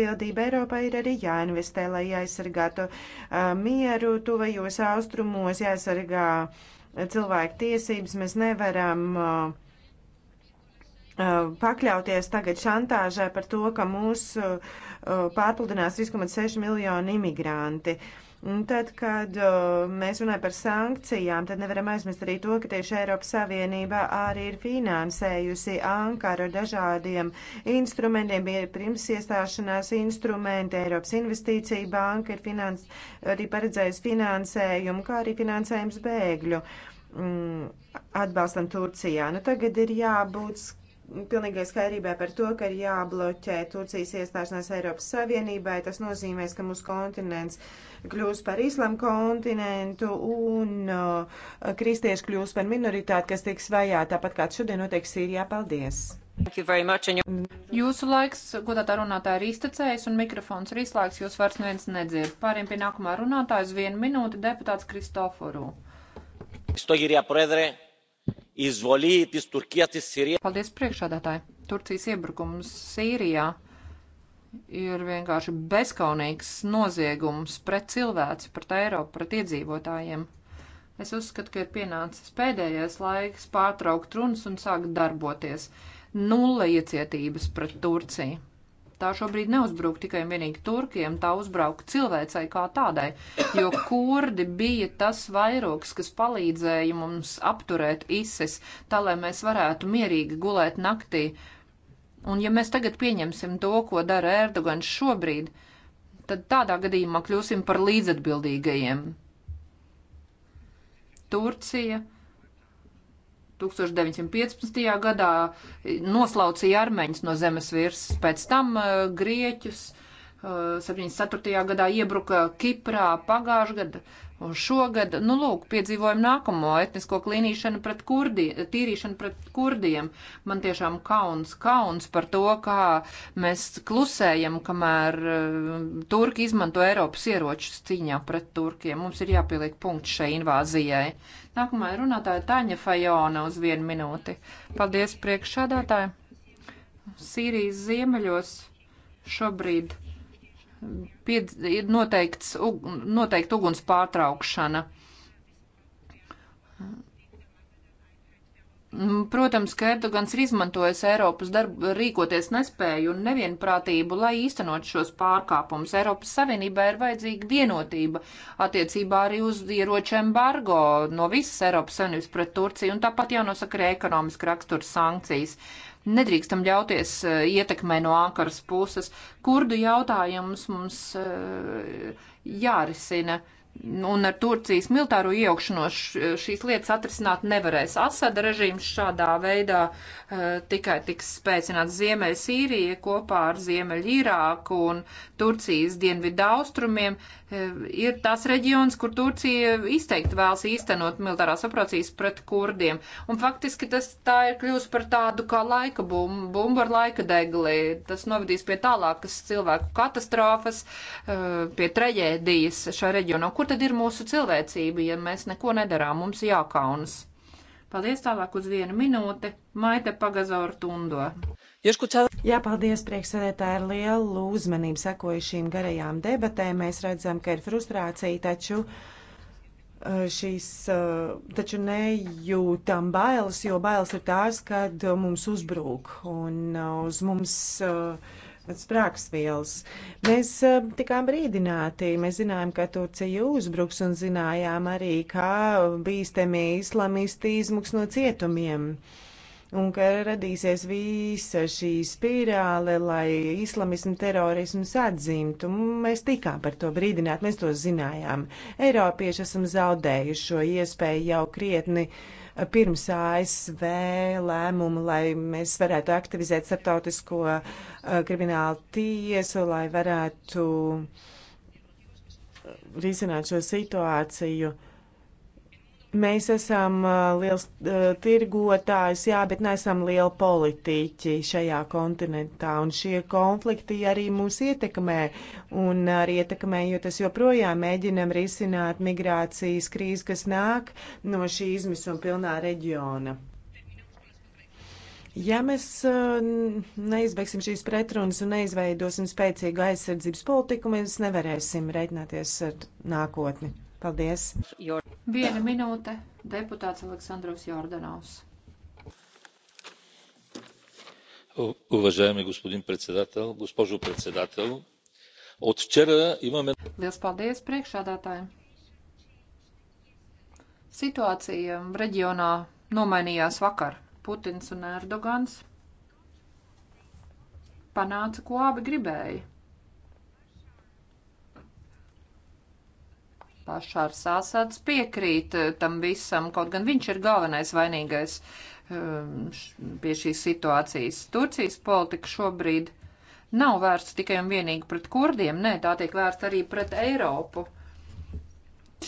Atbildība Eiropai ir arī jāinvestē, lai aizsargātu uh, mieru tuvajos austrumos, jāaizsargā cilvēku tiesības. Mēs nevaram uh, uh, pakļauties tagad šantāžai par to, ka mūs pārpludinās 3,6 miljoni imigranti. Uh, Un tad, kad uh, mēs runājam par sankcijām, tad nevaram aizmirst arī to, ka tieši Eiropas Savienība arī ir finansējusi Ankaru ar dažādiem instrumentiem, bija pirms iestāšanās instrumenti, Eiropas investīcija banka ir finans, arī paredzējusi finansējumu, kā arī finansējums bēgļu mm, atbalstam Turcijā. Nu, tagad ir jābūt pilnīgai skaidrībai par to, ka ir jābloķē Turcijas iestāšanās Eiropas Savienībai. Tas nozīmēs, ka mūsu kontinents uh, kļūst par islamu kontinentu un uh, kristieši kļūst par minoritāti, kas tiks vajāta, tāpat kā šodien notiek Sīrijā. Paldies! Jūsu laiks, godātā runātāja, ir iztecējis un mikrofons ir izslēgts, jūs vairs neviens nedzird. Pāriem pie nākamā runātāja uz vienu minūti deputāts Kristoforu. Paldies priekšādātāji. Turcijas iebrukums Sīrijā ir vienkārši bezkaunīgs noziegums pret cilvēci, pret Eiropu, pret iedzīvotājiem. Es uzskatu, ka ir pienācis pēdējais laiks pārtraukt runas un sākt darboties. Nulle iecietības pret Turciju. Tā šobrīd neuzbruk tikai un vienīgi turkiem, tā uzbrauka cilvēcei kā tādai, jo kurdi bija tas vairoks, kas palīdzēja mums apturēt ISIS, tā lai mēs varētu mierīgi gulēt naktī Un ja mēs tagad pieņemsim to, ko dara Erdogans šobrīd, tad tādā gadījumā kļūsim par līdzatbildīgajiem. Turcija 1915. gadā noslaucīja armeņus no zemes virsmas, pēc tam uh, grieķus. Uh, 74. gadā iebruka Kiprā pagājušajā gadā. Un šogad, nu lūk, piedzīvojam nākamo etnisko klīnīšanu pret kurdiem, tīrīšanu pret kurdiem. Man tiešām kauns, kauns par to, kā mēs klusējam, kamēr uh, turki izmanto Eiropas ieročus cīņā pret turkiem. Mums ir jāpieliek punkts šai invāzijai. Nākamā runātāja Taņa Fajona uz vienu minūti. Paldies priekšādātāji. Sīrijas ziemeļos šobrīd pied, ir noteikts, noteikti uguns pārtraukšana. Protams, ka Erdogans ir izmantojis Eiropas darbu rīkoties nespēju un nevienprātību, lai īstenot šos pārkāpumus. Eiropas Savienībā ir vajadzīga vienotība attiecībā arī uz ieroču embargo no visas Eiropas Savienības pret Turciju un tāpat jānosaka arī ekonomiski raksturs sankcijas. Uh, Nedrīkstam ļauties eh, ietekmē no Ankaras puses. Kurdu jautājums mums eh, jārisina un ar Turcijas militāro iejaukšanos šīs lietas atrisināt nevarēs. Asada režīms šādā veidā uh, tikai tiks spēcināts Ziemeļ Sīrija kopā ar Ziemeļ Irāku un Turcijas dienvidu austrumiem. Uh, ir tās reģions, kur Turcija izteikti vēlas īstenot militārās operācijas pret kurdiem. Un faktiski tas tā ir kļūst par tādu kā laika bumbu, bumbu ar laika degli. Tas novedīs pie tālākas cilvēku katastrofas, uh, pie traģēdijas šā reģionā kur tad ir mūsu cilvēcība, ja mēs neko nedarām, mums jākaunas. Paldies tālāk uz vienu minūti. Maita Pagazaur Tundo. Jā, paldies, priekšsēdētāji, ar lielu uzmanību sekoju šīm garajām debatēm. Mēs redzam, ka ir frustrācija, taču eh, šīs, eh, taču nejūtam bailes, jo bailes ir tās, kad eh, mums uzbrūk un uz mums uh, sprākstvielas. Mēs um, tikām brīdināti, mēs zinājām, ka Turcija uzbruks un zinājām arī, kā bīstami islamisti izmuks no cietumiem. Un ka radīsies visa šī spirāle, lai islamismu terorismus atzimtu. Mēs tikām par to brīdināt, mēs to zinājām. Eiropieši esam zaudējuši šo iespēju jau krietni uh, pirms ASV lēmumu, lai mēs varētu aktivizēt starptautisko uh, kriminālu tiesu, lai varētu uh, risināt šo situāciju. Uh, Mēs esam uh, liels uh, tirgotājs, jā, bet neesam lieli politiķi šajā kontinentā, un šie konflikti arī mūs ietekmē, un arī ietekmē, jo tas joprojām mēģinam risināt migrācijas krīzi, kas nāk no šī izmisuma pilnā reģiona. Ja mēs uh, neizbeigsim šīs pretrunas un neizveidosim spēcīgu aizsardzības politiku, mēs nevarēsim reiķināties ar nākotni. Paldies! Viena minūte - deputāts Aleksandrovs Jordanovs. Уважаеми господин председател, госпожо председател, от вчера имаме... Liels paldies priekšādātājiem! Situācija reģionā nomainījās vakar. Putins un Erdogans panāca, ko abi gribēja Bašārs Asads piekrīt eh, tam visam, kaut gan viņš ir galvenais vainīgais ehm, pie šīs situācijas. Turcijas politika šobrīd nav vērsta tikai un vienīgi pret kurdiem, nē, tā tiek vērsta arī pret Eiropu.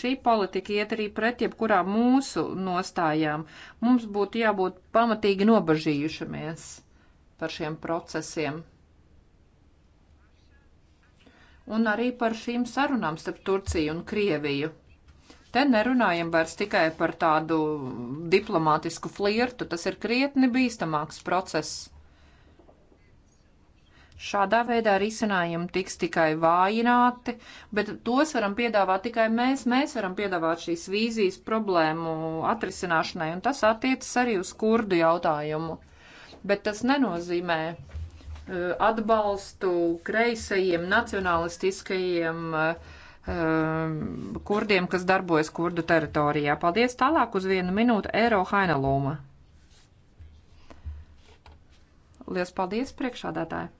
Šī politika iet arī pret jebkurām mūsu nostājām. Mums būtu jābūt pamatīgi nobažījušamies par šiem procesiem un arī par šīm sarunām starp Turciju un Krieviju. Te nerunājam vairs tikai par tādu diplomātisku flirtu, tas ir krietni bīstamāks process. Šādā veidā risinājumi tiks tikai vājināti, bet tos varam piedāvāt tikai mēs. Mēs varam piedāvāt šīs vīzijas problēmu atrisināšanai, un tas attiecas arī uz kurdu jautājumu. Bet tas nenozīmē, Uh, atbalstu kreisajiem nacionalistiskajiem uh, kurdiem, kas darbojas kurdu teritorijā. Paldies tālāk uz vienu minūtu Eiro Hainalūma. Lielas paldies priekšādātāji!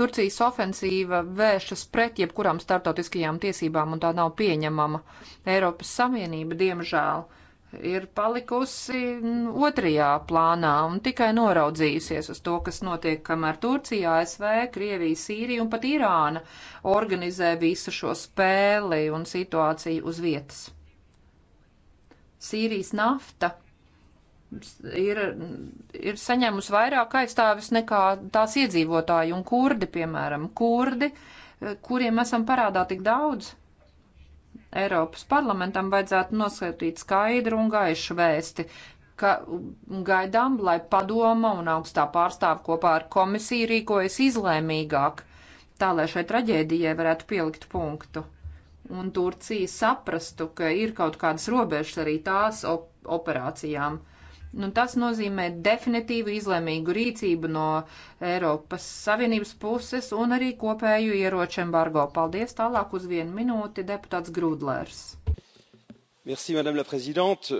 Turcijas ofensīva vēršas pret jebkurām starptautiskajām tiesībām, un tā nav pieņemama. Eiropas Savienība, diemžēl, uh, ir palikusi otrajā plānā un tikai noraudzījusies uz to, kas notiek, kamēr Turcija, ASV, Krievija, Sīrija un pat Irāna organizē visu šo spēli un situāciju uz vietas. Sīrijas nafta ir, ir saņēmusi vairāk aizstāvis nekā tās iedzīvotāji un kurdi, piemēram, kurdi, kuriem esam parādā tik daudz. Eiropas parlamentam vajadzētu nosūtīt skaidru un gaišu vēsti, ka gaidām, lai padoma un augstā pārstāva kopā ar komisiju rīkojas izlēmīgāk, tā lai šai traģēdijai varētu pielikt punktu. Un Turcija saprastu, ka ir kaut kādas robežas arī tās op operācijām. Nu, tas nozīmē definitīvu izlēmīgu rīcību no Eiropas Savienības puses un arī kopēju ieroču embargo. Paldies tālāk uz vienu minūti deputāts Grūdlērs. Merci, madame la présidente.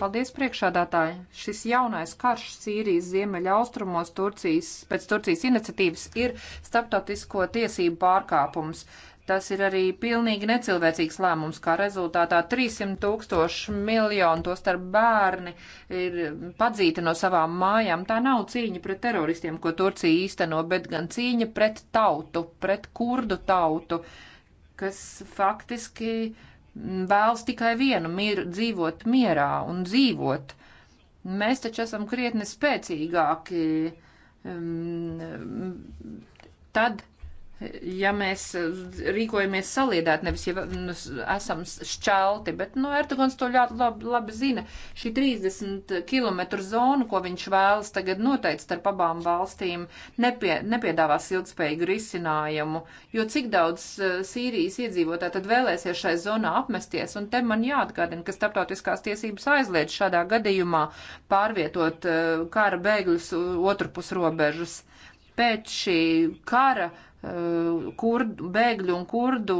Paldies priekšādātāji! Šis jaunais karš Sīrijas ziemeļaustrumos Turcijas, pēc Turcijas iniciatīvas ir starptautisko tiesību pārkāpums. Uh, Tas ir arī pilnīgi necilvēcīgs lēmums, kā rezultātā 300 tūkstoši miljonu to starp bērni ir padzīti no savām mājām. Tā nav cīņa pret teroristiem, ko Turcija īsteno, bet gan cīņa pret tautu, pret kurdu tautu, kas faktiski vēlas tikai vienu mieru, dzīvot mierā un dzīvot. Mēs taču esam krietni spēcīgāki. Um, tad, ja mēs rīkojamies saliedēt, nevis jau nu, esam šķelti, bet, nu, Erdogans to ļoti labi, labi zina. Šī 30 km zona, ko viņš vēlas tagad noteikt starp abām valstīm, nepie, nepiedāvās ilgspējīgu risinājumu, jo cik daudz e, Sīrijas iedzīvotāji tad vēlēsies šai zonā apmesties, un te man jāatgādina, ka starptautiskās tiesības aizliedz šādā gadījumā pārvietot e, kara bēgļus otru pus robežas. Pēc šī kara uh, Eh, kurdu, bēgļu un kurdu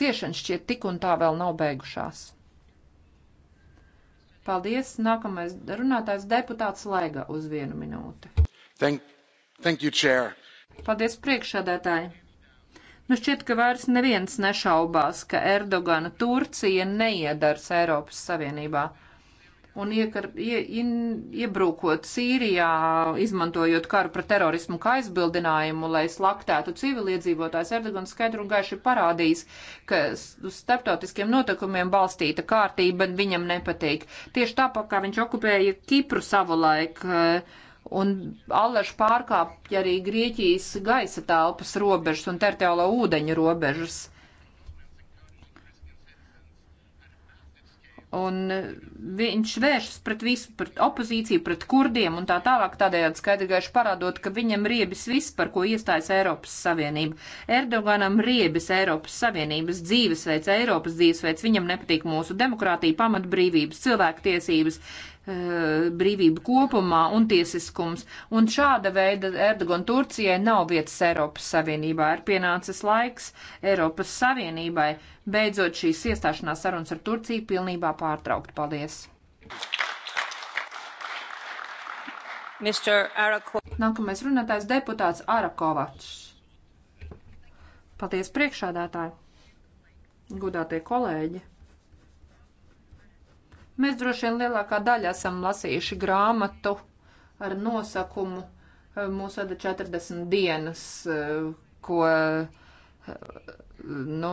ciešanas šķiet tik un tā vēl nav beigušās. Paldies. Nākamais runātājs deputāts Laiga uz vienu minūti. Thank, thank you, chair. Paldies priekšādētāji. Nu šķiet, ka vairs neviens nešaubās, ka Erdogana Turcija neiedars Eiropas Savienībā un iekar, ie, in, iebrūkot Sīrijā, izmantojot karu par terorismu kā aizbildinājumu, lai slaktētu civiliedzīvotājs, Erdogans skaidru un gaiši parādīs, ka uz starptautiskiem notikumiem balstīta kārtība viņam nepatīk. Tieši tāpat, kā viņš okupēja Kipru savulaik. Eh, un allaž pārkāpja arī Grieķijas gaisa telpas robežas un teritoriālo ūdeņu robežas. Un eh, viņš vēršas pret visu, pret opozīciju, pret kurdiem un tā tālāk, tādējādi skaidri gaiši parādot, ka viņam riebis viss, par ko iestājas Eiropas Savienība. Erdoganam riebis Eiropas Savienības dzīvesveids, Eiropas dzīvesveids, viņam nepatīk mūsu demokrātija, pamatbrīvības, cilvēktiesības, Eh, brīvība kopumā un tiesiskums. Un šāda veida Erdogan Turcijai nav vietas Eiropas Savienībā. Ir pienācis laiks Eiropas Savienībai beidzot šīs iestāšanās sarunas ar Turciju pilnībā pārtraukt. Paldies! Nākamais runātājs deputāts Arakovats. Paldies priekšādātāji! Gudātie kolēģi! Mēs droši vien lielākā daļa esam lasījuši grāmatu ar nosakumu eh, Mūsu 40 dienas, eh, ko, eh, nu,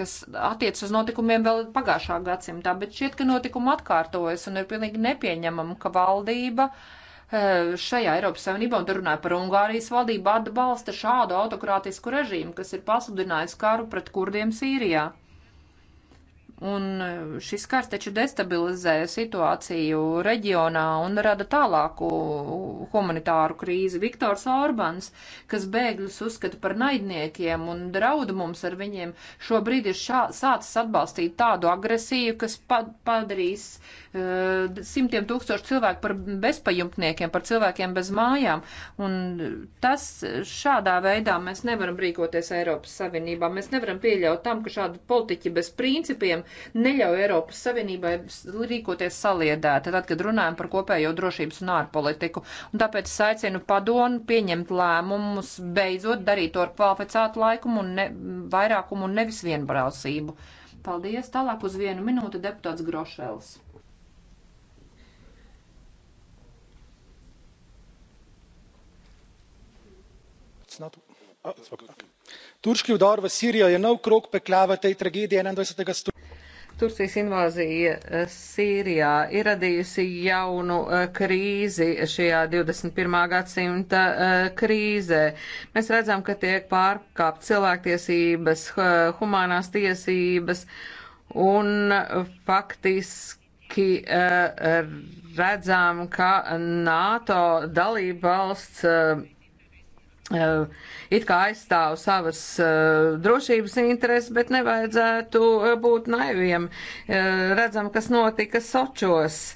kas attiec uz notikumiem vēl pagājušā gadsimtā, bet šķiet, ka notikumi atkārtojas un ir pilnīgi nepieņemama, ka valdība šajā Eiropas Savienībā, un tur runāja par Ungārijas valdību, atbalsta šādu autokrātisku režīmu, kas ir pasludinājis karu pret kurdiem Sīrijā. Un e, šis kārs taču destabilizē situāciju reģionā un rada tālāku humanitāru krīzi. Viktors Orbans, kas bēgļus uzskata par naidniekiem un draudu mums ar viņiem, šobrīd ir šā, sācis atbalstīt tādu agresiju, kas pa, padarīs uh, simtiem tūkstošu cilvēku par bezpajumtniekiem, par cilvēkiem bez mājām. Un tas šādā veidā mēs nevaram rīkoties Eiropas Savienībā. Mēs nevaram pieļaut tam, ka šādi politiķi bez principiem neļauj Eiropas Savienībai rīkoties saliedēti, tad, kad runājam par kopējo drošības un ārpolitiku. Un tāpēc es aicinu padomu pieņemt lēmumus, beidzot darīt to ar kvalificētu laikumu un ne, vairākumu un nevis vienbrausību. Paldies. Tālāk uz vienu minūti deputāts Grošels. Not... Oh, okay. Turški udar v Sirijo je nov krok pekljave tej tragedije 21. stoletja. Turcijas invāzija eh, Sīrijā ir radījusi jaunu eh, krīzi šajā 21. gadsimta eh, krīzē. Mēs redzam, ka tiek pārkāpt cilvēktiesības, humanās tiesības un faktiski redzam, ka NATO dalība valsts Eh, it kā aizstāv savas uh, drošības intereses, bet nevajadzētu uh, būt naiviem. Uh, redzam, kas notika Sočos.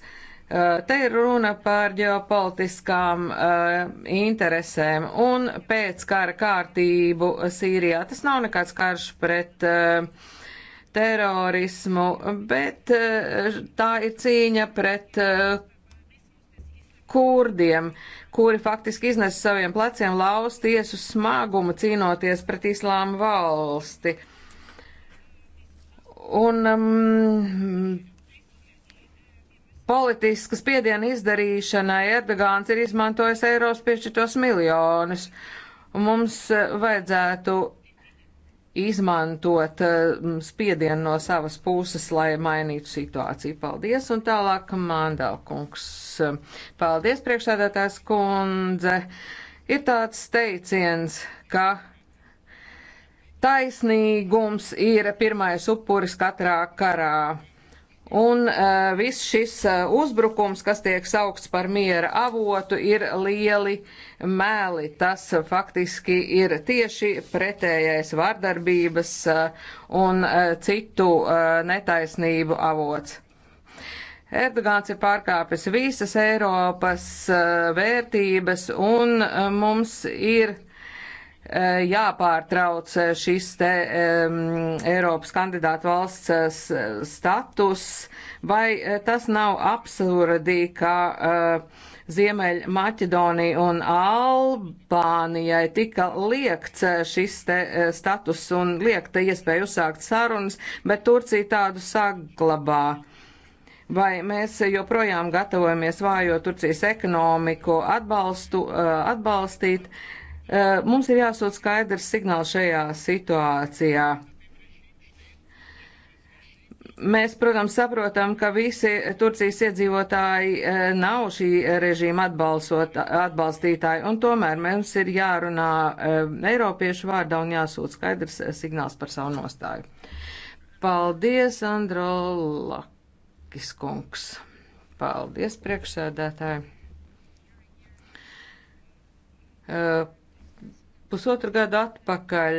Uh, te ir runa par ģeopolitiskām uh, interesēm un pēc kara kārtību Sīrijā. Tas nav nekāds karš pret uh, terorismu, bet uh, tā ir cīņa pret uh, kurdiem. Uh, kuri faktiski iznes saviem pleciem lauz tiesu smagumu cīnoties pret islāma valsti. Un um, politiska spiediena izdarīšanai Erdogāns ir izmantojis eiros piešķirtos miljonus. Mums eh, vajadzētu izmantot eh, spiedienu no savas puses, lai mainītu situāciju. Paldies, un tālāk Mandelkungs. Paldies, priekšsēdētājs kundze. Ir tāds teiciens, ka taisnīgums ir pirmais upuris katrā karā. Un uh, viss šis uh, uzbrukums, kas tiek saukts par miera avotu, ir lieli mēli. Tas uh, faktiski ir tieši pretējais vardarbības uh, un uh, citu uh, netaisnību avots. Erdogāns ir pārkāpis visas Eiropas uh, vērtības un uh, mums ir Eh, jāpārtrauc eh, šis te um, Eiropas kandidātu valsts eh, status, vai tas nav absurdi, ka uh, Ziemeļ Maķedonija un Albānijai tika liekts šis te status un liekta iespēja uzsākt sarunas, bet Turcija tādu saglabā. Vai mēs joprojām gatavojamies vājo Turcijas ekonomiku atbalstu, atbalstīt? Uh, Eh, mums ir jāsūt skaidrs signāls šajā situācijā. Mēs, protams, saprotam, ka visi Turcijas iedzīvotāji eh, nav šī režīma atbalsot, atbalstītāji, un tomēr mums ir jārunā eh, Eiropiešu vārdā un jāsūt skaidrs signāls par savu nostāju. Paldies, Andro Lakis kungs. Paldies, priekšsēdētāji. Uh, Pusotru gadu atpakaļ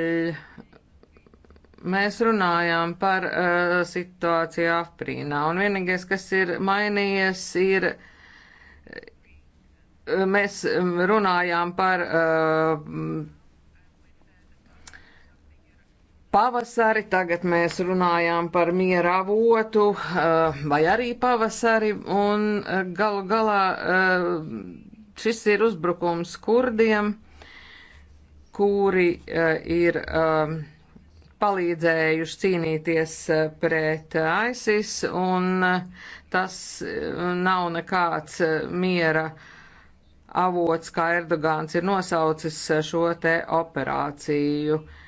mēs runājām par uh, situāciju Afrīnā, un vienīgais, kas ir mainījies, ir uh, mēs um, runājām par uh, pavasari, tagad mēs runājām par miera avotu uh, vai arī pavasari, un uh, galu galā uh, šis ir uzbrukums kurdiem. Uh, kuri eh, ir um, palīdzējuši cīnīties eh, pret eh, ISIS, un tas nav nekāds miera avots, kā Erdogāns ir nosaucis šo te operāciju. Uh,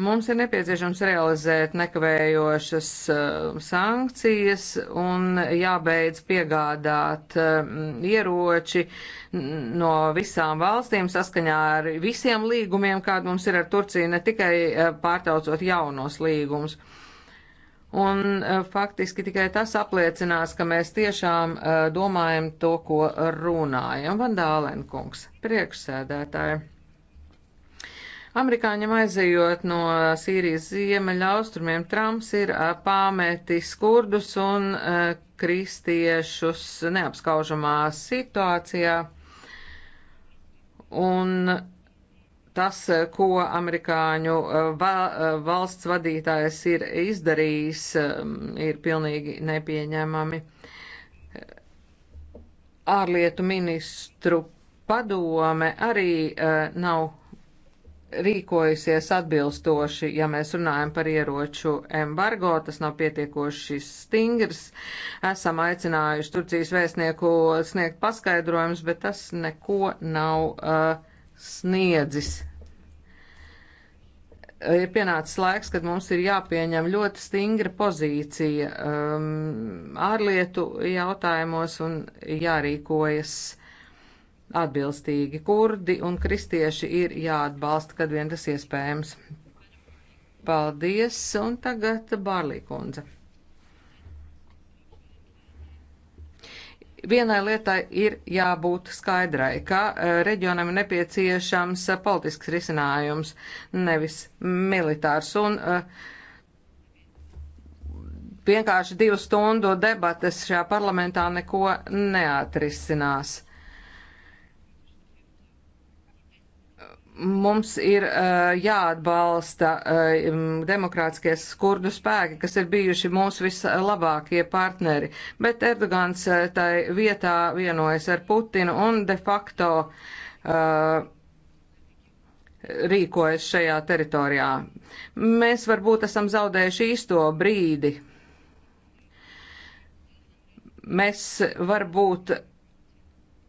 Mums ir nepieciešams realizēt nekavējošas uh, sankcijas un jābeidz piegādāt uh, ieroči no visām valstīm saskaņā ar visiem līgumiem, kāda mums ir ar Turciju, ne tikai uh, pārtaucot jaunos līgumus. Un uh, faktiski tikai tas apliecinās, ka mēs tiešām uh, domājam to, ko runājam. Vandālenkungs, priekšsēdētāji. Amerikāņiem aizejot no Sīrijas ziemeļa austrumiem, Trumps ir pāmetis kurdus un kristiešus neapskaužamā situācijā. Un tas, ko amerikāņu valsts vadītājs ir izdarījis, ir pilnīgi nepieņemami. Ārlietu ministru padome arī nav rīkojusies atbilstoši, ja mēs runājam par ieroču embargo, tas nav pietiekoši stingrs. Esam aicinājuši Turcijas vēstnieku sniegt paskaidrojumus, bet tas neko nav uh, sniedzis. Ir pienācis laiks, kad mums ir jāpieņem ļoti stingra pozīcija um, ārlietu jautājumos un jārīkojas atbilstīgi. Kurdi un kristieši ir jāatbalsta, kad vien tas iespējams. Paldies, un tagad Bārlīkundze. Vienai lietai ir jābūt skaidrai, ka e, reģionam ir nepieciešams e, politisks risinājums, nevis militārs. Un, uh, vienkārši divu stundu debates šajā parlamentā neko neatrisinās. mums ir uh, jāatbalsta uh, demokrātiskie skurdu spēki, kas ir bijuši mūsu vislabākie partneri, bet Erdogans uh, tai vietā vienojas ar Putinu un de facto uh, rīkojas šajā teritorijā. Mēs varbūt esam zaudējuši īsto brīdi. Mēs varbūt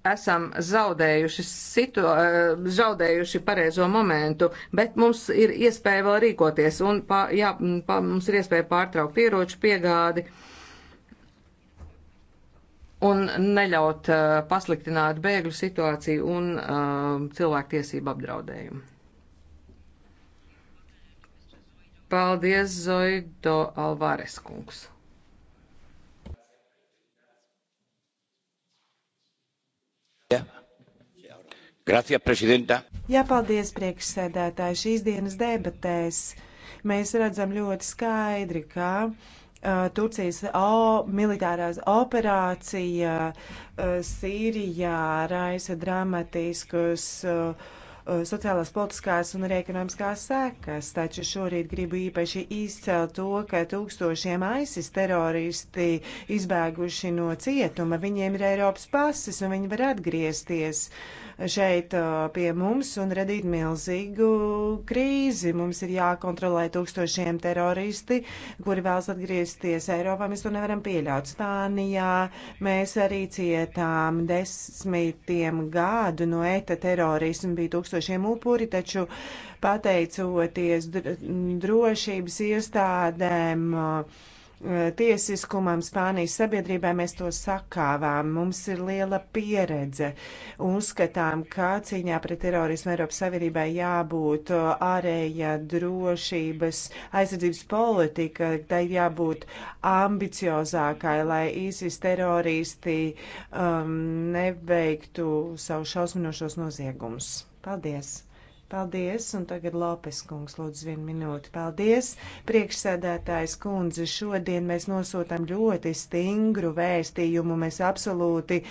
esam zaudējuši, situ, eh, zaudējuši pareizo momentu, bet mums ir iespēja vēl rīkoties un pā, jā, pā, mums ir iespēja pārtraukt ieroču piegādi un neļaut uh, pasliktināt bēgļu situāciju un uh, cilvēktiesību apdraudējumu. Paldies, Zoido Alvarez kungs. Gracias, prezidenta. Jā, paldies, priekšsēdētāji. Šīs dienas debatēs mēs redzam ļoti skaidri, ka. Turcijas o, militārās operācija Sīrijā raisa dramatiskus sociālās, politiskās un arī ekonomiskās sekas, taču šorīt gribu īpaši izcelt to, ka tūkstošiem ISIS teroristi izbēguši no cietuma, viņiem ir Eiropas pasis un viņi var atgriezties. Uh, šeit uh, pie mums un radīt milzīgu krīzi. Mums ir jākontrolē tūkstošiem teroristi, kuri vēlas atgriezties Eiropā. Mēs to nevaram pieļaut. Spānijā mēs arī cietām desmitiem gadu no ETA terorismu, bija tūkstošiem upuri, taču pateicoties drošības iestādēm, uh, Eh, tiesiskumam Spānijas sabiedrībā mēs to sakāvām. Mums ir liela pieredze. Uzskatām, ka cīņā pret terorismu Eiropas Savienībai jābūt eh, ārēja drošības aizsardzības politika, tai jābūt ambiciozākai, lai īsis teroristi um, neveiktu savu šausminošos noziegumus. Paldies! Paldies, un tagad Lopes kungs, lūdzu, vienu minūti. Paldies, priekšsēdētājs kundze. Šodien mēs nosūtām ļoti stingru vēstījumu. Mēs absolūti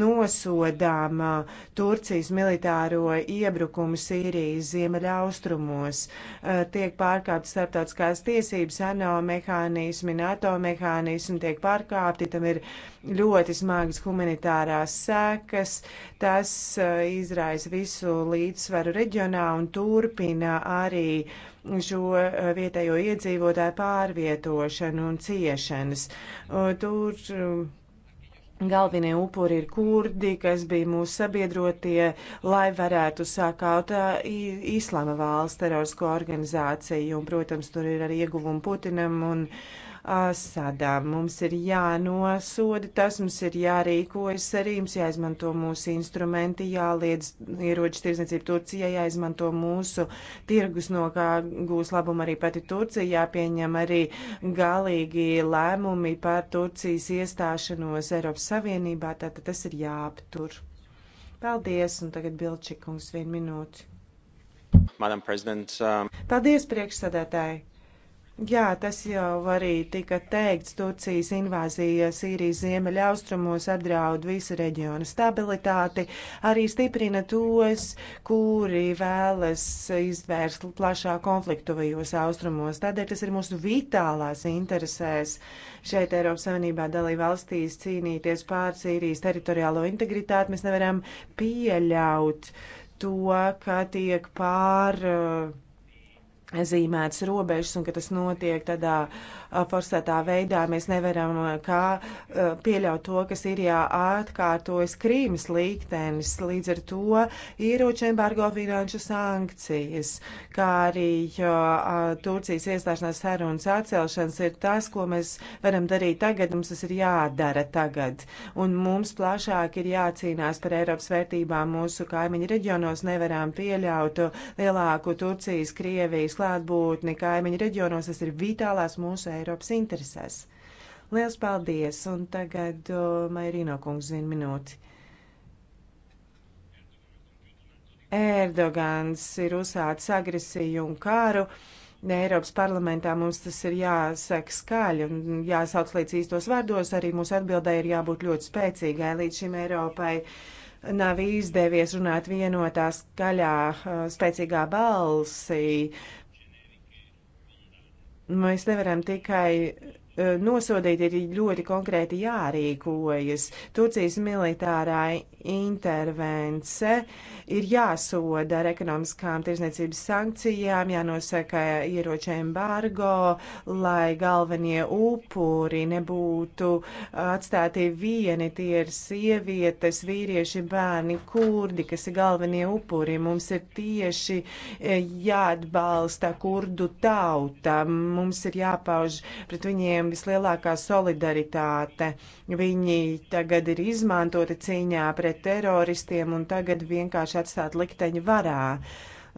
nosodām uh, Turcijas militāro iebrukumu Sīrijas ziemeļa austrumos. Uh, tiek pārkāptas starptautiskās tiesības, ANO mehānismi, NATO mehānismi tiek pārkāpti. Tam ir uh, ļoti smagas humanitārās sekas. Tas uh, izraisa visu līdzsvaru reģionā un turpina arī šo uh, vietējo iedzīvotāju pārvietošanu un ciešanas. Tur um, Galvenie upuri ir kurdi, kas bija mūsu sabiedrotie, lai varētu sākāt uh, islama valsts terorisko organizāciju. Un, protams, tur ir arī ieguvumi Putinam un uh, Asadā. Mums ir jānosoda tas, mums ir jārīkojas arī, mums jāizmanto mūsu instrumenti, jāliedz ieroģis tirzniecību Turcijai, jāizmanto mūsu tirgus, no kā gūs labumu arī pati Turcija, jāpieņem arī galīgi lēmumi par Turcijas iestāšanos Eiropas Savienībā, tātad tas ir jāaptur. Paldies, un tagad Bilčikums vienu minūti. Madam President. Um... Paldies, priekšsādātāji. Jā, tas jau arī tika teikts. Turcijas invāzija Sīrijas ziemeļaustrumos apdraud visu reģionu stabilitāti, arī stiprina tos, kuri vēlas izvērst plašā konfliktuvajos austrumos. Tādēļ tas ir mūsu vitālās interesēs šeit Eiropas Savienībā dalība valstīs cīnīties pār Sīrijas teritoriālo integritāti. Mēs nevaram pieļaut to, ka tiek pār. Uh, zīmētas robežas un ka tas notiek tādā forsētā veidā. Mēs nevaram kā pieļaut to, ka Sīrijā atkārtojas Krīmas liktenis, līdz ar to ieroču embargo finanšu sankcijas, kā arī jo, Turcijas iestāšanās sarunas atcelšanas ir tas, ko mēs varam darīt tagad, mums tas ir jādara tagad. Un mums plašāk ir jācīnās par Eiropas vērtībām mūsu kaimiņu reģionos, nevaram pieļaut lielāku Turcijas, Krievijas, klātbūtni kaimiņu reģionos. Tas ir vitālās mūsu Eiropas interesēs. Liels paldies! Un tagad uh, Mairino kungs zina minūti. Erdogans ir uzsācis agresiju un kāru. Eiropas parlamentā mums tas ir jāsaka skaļi un jāsauc līdz īstos vārdos. Arī mūsu atbildē ir jābūt ļoti spēcīgai līdz šim Eiropai. Nav izdevies runāt vienotā skaļā, spēcīgā balsī. Mēs nevaram tikai Eh, nosodīt ir ļoti konkrēti jārīkojas. Turcijas militārā intervence ir jāsoda ar ekonomiskām tirsniecības sankcijām, jānosaka ieroča embargo, lai galvenie upuri nebūtu atstāti vieni. Tie ir sievietes, vīrieši, bērni, kurdi, kas ir galvenie upuri. Mums ir tieši eh, jāatbalsta kurdu tauta. Mums ir jāpauž pret viņiem cilvēkiem vislielākā solidaritāte. Viņi tagad ir izmantoti cīņā pret teroristiem un tagad vienkārši atstāt likteņu varā.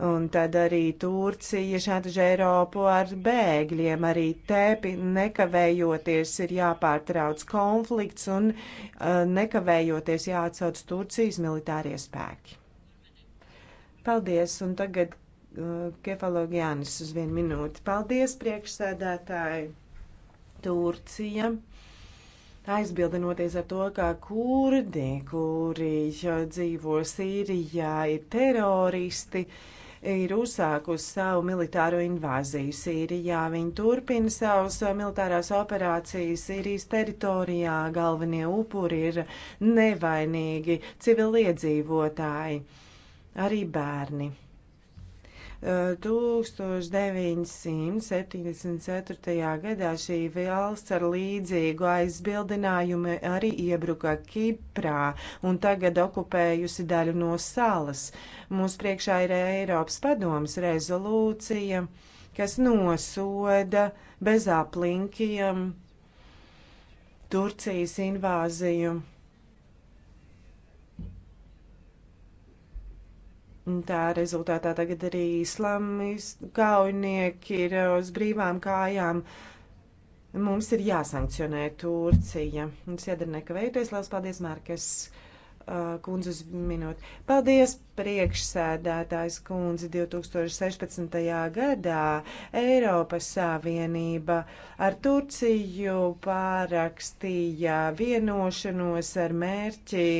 Un tad arī Turcija šādaž Eiropu ar bēgļiem, arī tēpi nekavējoties ir jāpārtrauc konflikts un uh, nekavējoties jāatsauc Turcijas militārie spēki. Paldies, un tagad uh, Kefalogiānis uz vienu minūti. Paldies, priekšsēdētāji! Turcija aizbildinoties ar to, ka kurdi, kuri dzīvo Sīrijā, ir teroristi, ir uzsākusi savu militāro invāziju Sīrijā. Viņi turpina savus militārās operācijas Sīrijas teritorijā. Galvenie upuri ir nevainīgi civiliedzīvotāji, arī bērni. 1974. gadā šī valsts ar līdzīgu aizbildinājumu arī iebruka Kiprā un tagad okupējusi daļu no salas. Mums priekšā ir Eiropas padomas rezolūcija, kas nosoda bez aplinkiem Turcijas invāziju. Tā rezultātā tagad arī islāmas kaujinieki ir uz brīvām kājām. Mums ir jāsankcionē Turcija. Mums jādara nekavējoties. Lielas paldies, Mārkas uh, kundze, uz minūti. Paldies, priekšsēdētājs kundze. 2016. gadā Eiropas Savienība ar Turciju pārakstīja vienošanos ar mērķi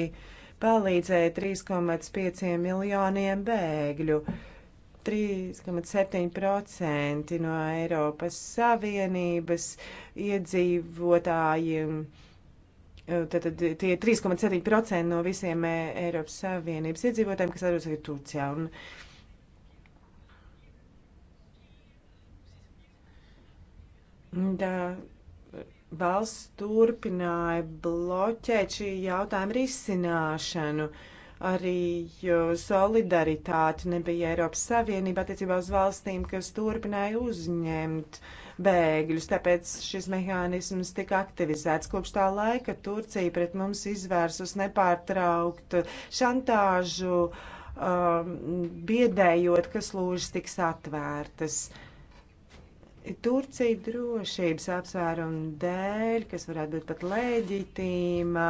palīdzēja 3,5 miljoniem bēgļu. 3,7% no Eiropas Savienības iedzīvotājiem. Tātad tie 3,7% no visiem e, Eiropas Savienības iedzīvotājiem, kas atrodas arī Turcijā. Un, tā, valsts turpināja bloķēt šī jautājuma risināšanu. Arī solidaritāte nebija Eiropas Savienība attiecībā uz valstīm, kas turpināja uzņemt bēgļus, tāpēc šis mehānisms tika aktivizēts. Kopš tā laika Turcija pret mums izvērsus nepārtrauktu šantāžu, um, biedējot, ka slūžas tiks atvērtas. Uh, Turcija drošības apsvērumu dēļ, kas varētu būt pat leģitīma,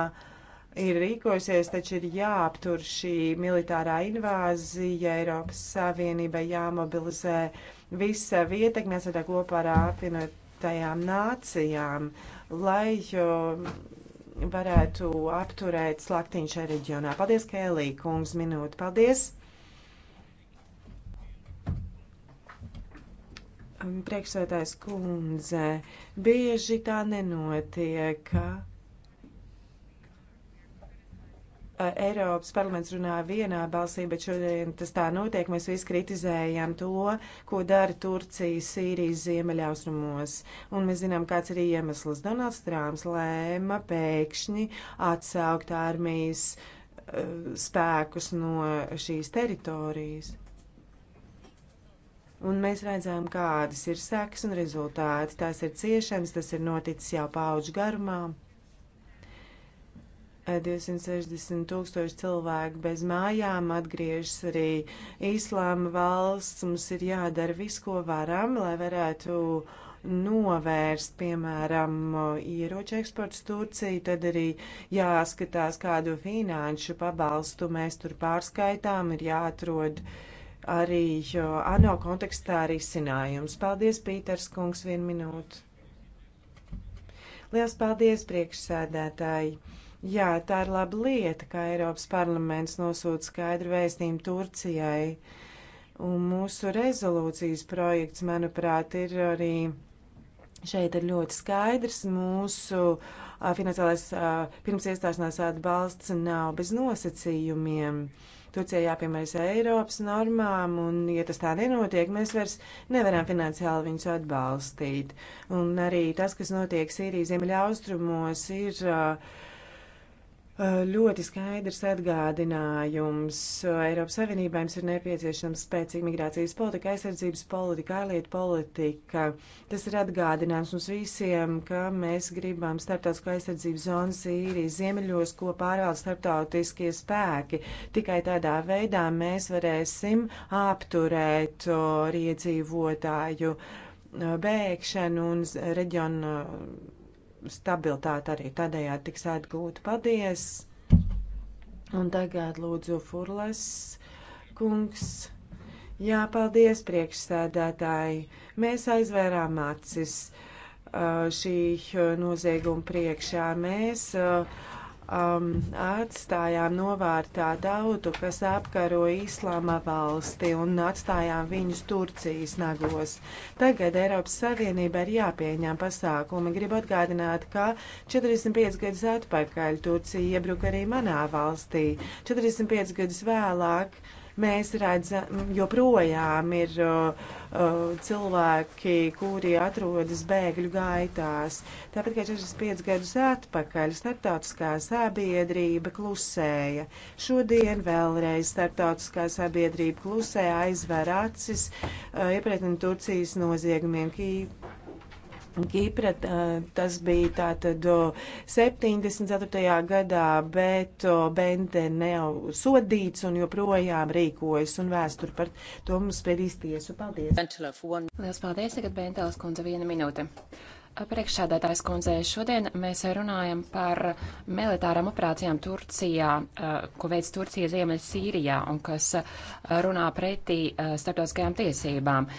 ir rīkojusies, taču ir jāaptur šī militārā invāzija, Eiropas Savienībai jāmobilizē visa vietekme, jāsadā kopā ar apvienotajām nācijām, lai varētu apturēt slaktiņu šajā reģionā. Paldies, Kēlī, kungs, minūte. Paldies! Priekšsētājs kundze, bieži tā nenotiek. Eiropas parlaments runā vienā balsī, bet šodien tas tā notiek. Mēs visi kritizējam to, ko dara Turcija Sīrijas ziemeļaustrumos. Un mēs zinām, kāds ir iemesls. Donalds Trāms lēma pēkšņi atsaukt armijas uh, spēkus no šīs teritorijas. Un mēs redzam, kādas ir sekas un rezultāti. Tās ir ciešanas, tas ir noticis jau pauģu garumā. 260 eh, tūkstoši cilvēku bez mājām atgriežas arī Īslāma valsts. Mums ir jādara viss, ko varam, lai varētu novērst, piemēram, ieroču eksports Turciju, tad arī jāskatās, kādu finanšu pabalstu mēs tur pārskaitām, ir jāatrod. Uh, arī ANO kontekstā risinājums. Paldies, Pīters Kungs, vienu minūtu. Liels paldies, priekšsēdētāji! Jā, tā ir laba lieta, ka Eiropas parlaments nosūta skaidru vēstījumu Turcijai. Un mūsu rezolūcijas projekts, manuprāt, ir arī šeit ir ļoti skaidrs. Mūsu finansiālais pirms iestāšanās atbalsts nav bez nosacījumiem. Uh, Turcija jāpiemērs Eiropas normām, un, ja tas tā nenotiek, mēs vairs nevaram finansiāli viņus atbalstīt. Un arī tas, kas notiek Sīrijas ziemeļaustrumos, ir uh, ļoti skaidrs atgādinājums. Eiropas Savienībai mums ir nepieciešama spēcīga migrācijas politika, aizsardzības politika, ārlietu politika. Tas ir atgādinājums mums visiem, ka mēs gribam starptautisko aizsardzības zonu Sīrijas ziemeļos, ko pārvalda starptautiskie spēki. Tikai tādā veidā mēs varēsim apturēt arī iedzīvotāju bēgšanu un reģionu stabilitāte arī tādējādi tiks atgūta. Paldies! Un tagad lūdzu Furles kungs. Jā, paldies priekšsēdētāji. Mēs aizvērām acis uh, šī nozieguma priekšā. Mēs uh, um, atstājām novārtā tautu, kas apkaro islāma valsti un atstājām viņus Turcijas nagos. Tagad Eiropas Savienība ir jāpieņem pasākumi. Gribu atgādināt, ka 45 gadus atpakaļ Turcija iebruka arī manā valstī. 45 gadus vēlāk. Uh, Mēs redzam, joprojām ir uh, uh, cilvēki, kuri atrodas bēgļu gaitās. Tāpat kā 45 gadus atpakaļ, starptautiskā sabiedrība klusēja. Šodien vēlreiz starptautiskā sabiedrība klusē aizver acis uh, iepratni Turcijas noziegumiem Kīpā. Kipra tas bija tātad 74. gadā, bet Bente nav sodīts un joprojām rīkojas un vēsturi par to mums spriedīs tiesu. Paldies! Lielas paldies, tagad Bentēlas kundze viena minūte. Priekšsēdētājs kundze, šodien mēs runājam par militārām operācijām Turcijā, eh, ko veids Turcija Ziemeļsīrijā un kas eh, runā pretī eh, starptautiskajām tiesībām.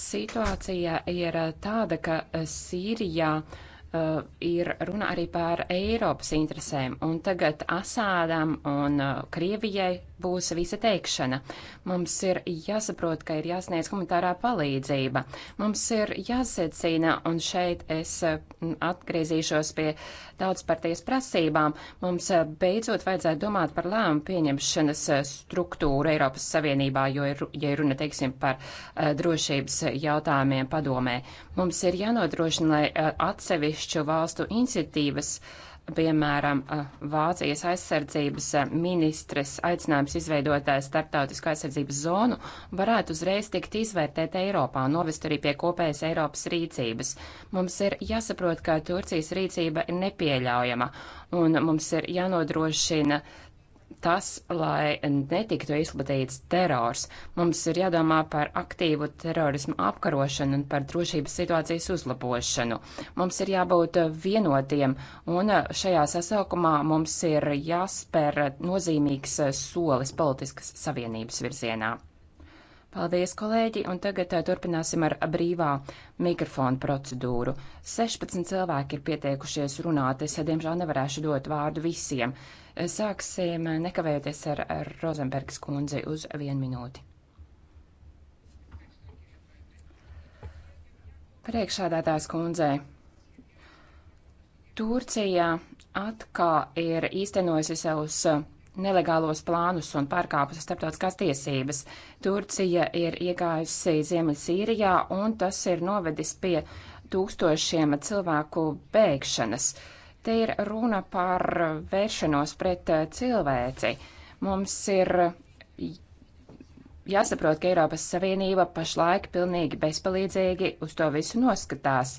Situācija ir tāda, ka Sīrijā uh, uh, ir runa arī par Eiropas interesēm, un tagad Asādam un uh, Krievijai būs visa teikšana. Mums ir jāsaprot, ka ir jāsniedz humanitārā palīdzība. Mums ir jāsecina, un šeit es uh, atgriezīšos pie daudzpartijas prasībām. Mums uh, beidzot vajadzētu domāt par lēmumu pieņemšanas uh, struktūru Eiropas Savienībā, jo, ir, ja runa, teiksim, par uh, drošības jautājumiem padomē, mums ir jānodrošina, lai uh, atsevišķi atsevišķu valstu iniciatīvas, piemēram, Vācijas aizsardzības ministres aicinājums izveidot starptautisku aizsardzības zonu, varētu uzreiz tikt izvērtēt Eiropā un novest arī pie kopējas Eiropas rīcības. Mums ir jāsaprot, ka Turcijas rīcība ir nepieļaujama, un mums ir jānodrošina uh, tas, lai netiktu izplatīts terors. Mums ir jādomā par aktīvu terorismu apkarošanu un par drošības situācijas uzlabošanu. Mums ir jābūt vienotiem, un šajā sasaukumā mums ir jāspēr nozīmīgs solis politiskas savienības virzienā. Paldies, kolēģi, un tagad tā, eh, turpināsim ar brīvā mikrofonu procedūru. 16 cilvēki ir pieteikušies runāt, es, eh, diemžēl, nevarēšu dot vārdu visiem. Eh, sāksim nekavējoties ar, ar Rozenbergas kundzi uz vienu minūti. Priekšādātās kundzei. Turcija atkal ir īstenojusi savus uh, nelegālos plānus un pārkāpusi starptautiskās tiesības. Turcija ir iegājusi Ziemeļsīrijā, un tas ir novedis pie tūkstošiem cilvēku bēgšanas. Te ir runa par vēršanos pret eh, cilvēci. Mums ir jāsaprot, ka Eiropas Savienība pašlaik pilnīgi bezpalīdzīgi uz to visu noskatās.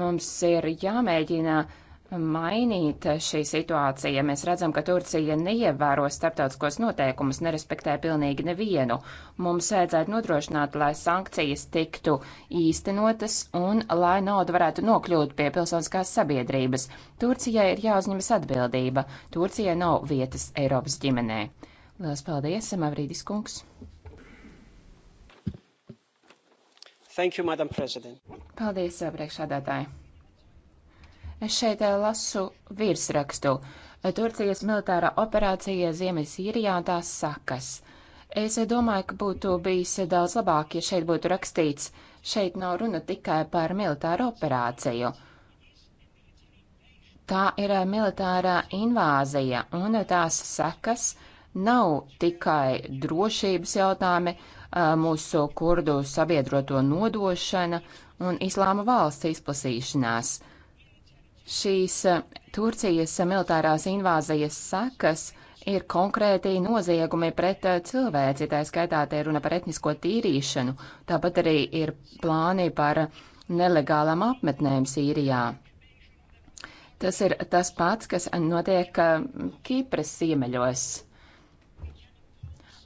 Mums ir jāmēģina uh, mainīt šī situācija. Mēs redzam, ka Turcija neievēro starptautiskos noteikumus, nerespektē pilnīgi nevienu. Mums vajadzētu nodrošināt, lai sankcijas tiktu īstenotas un lai nauda varētu nokļūt pie pilsoniskās sabiedrības. Turcijai ir jāuzņemas atbildība. Turcijai nav vietas Eiropas ģimenē. Lielas paldies, Mavrīdis kungs! Thank you, Madam President. Paldies, priekšādātāji. Es šeit eh, lasu virsrakstu. Turcijas militārā operācija Ziemeļsīrijā un tās sakas. Es eh, domāju, ka būtu bijis daudz labāk, ja šeit būtu rakstīts, šeit nav runa tikai par militāru operāciju. Tā ir eh, militārā invāzija, un tās sekas nav tikai drošības jautājumi, mūsu kurdu sabiedroto nodošana un islāma valsts izplasīšanās. Šīs eh, Turcijas militārās invāzijas sekas ir konkrēti noziegumi pret eh, cilvēci, tā skaitā te runa par etnisko tīrīšanu, tāpat arī ir plāni par nelegālām apmetnēm Sīrijā. Tas ir tas pats, kas notiek eh, Kīpras ziemeļos.